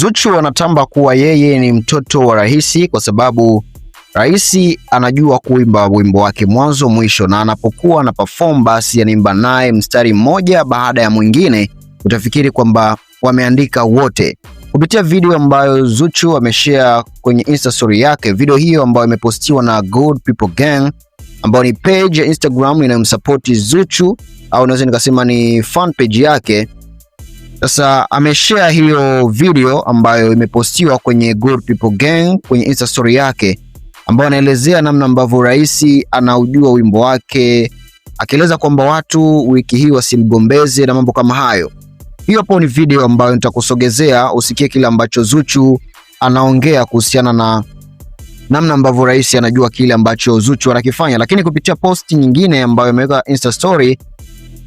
Zuchu anatamba kuwa yeye ni mtoto wa rais kwa sababu rais anajua kuimba wimbo wake mwanzo mwisho, na anapokuwa na perform basi anaimba naye mstari mmoja baada ya mwingine, utafikiri kwamba wameandika wote. Kupitia video ambayo Zuchu ameshare kwenye Insta story yake, video hiyo ambayo imepostiwa na Good People Gang ambayo ni page ya Instagram inayomsupport Zuchu, au naweza nikasema ni fan page yake sasa ameshare hiyo video ambayo imepostiwa kwenye Good People Gang kwenye Insta story yake, ambayo anaelezea namna ambavyo rais anaujua wimbo wake, akieleza kwamba watu wiki hii wasimgombeze na mambo kama hayo. Hiyo hapo ni video ambayo nitakusogezea usikie kile ambacho Zuchu anaongea kuhusiana na namna ambavyo rais anajua kile ambacho Zuchu anakifanya. Lakini kupitia posti nyingine ambayo ameweka Insta story,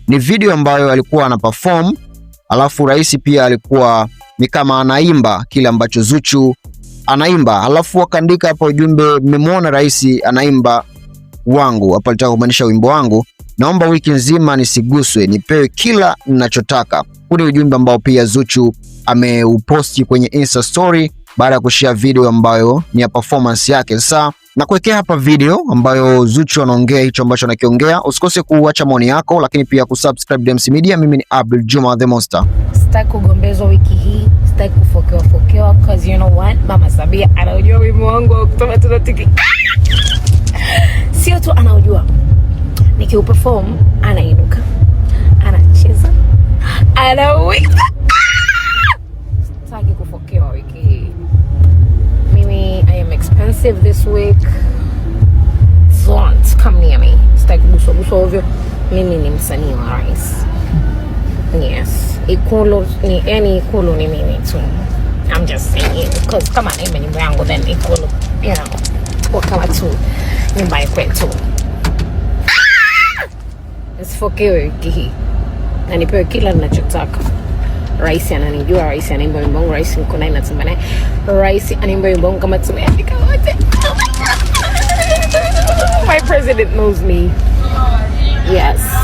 ni video ambayo alikuwa ana perform Alafu rais pia alikuwa ni kama anaimba kile ambacho Zuchu anaimba, alafu akaandika hapa ujumbe, mmemwona rais anaimba wangu. Hapa alitaka kumaanisha wimbo wangu, naomba wiki nzima nisiguswe, nipewe kila ninachotaka. Huu ni ujumbe ambao pia Zuchu ameuposti kwenye Insta story baada ya kushare video ambayo ni ya performance yake. Sasa na kuwekea hapa video ambayo Zuchu anaongea hicho ambacho anakiongea. Usikose kuacha maoni yako, lakini pia kusubscribe Dems Media. Mimi ni Abdul Juma the Monster. Sitaki kugombezwa wiki hii, sitaki kufokewa fokewa, cause you know what, Mama Sabia anaujua wimbo wangu wa kutoka tiki, sio tu anaujua, nikiuperform anainuka, anacheza, anawika save this week. Don't come near me. Sitaki guswa guswa ovyo. Mimi ni msanii wa rais. Yes. Ikulu ni yani ikulu ni mimi tu. I'm just saying because kama naimba nyimbo yangu then ikulu you know wakawa tu nyumbani kwetu. Ah! Nisifokewe wiki hii na nipewe kila ninachotaka rais ananijua, rais anaimba wimbo wangu, rais niko naye, natamba naye, rais anaimba wimbo wangu kama tumeandika wote. My president knows me. Yes.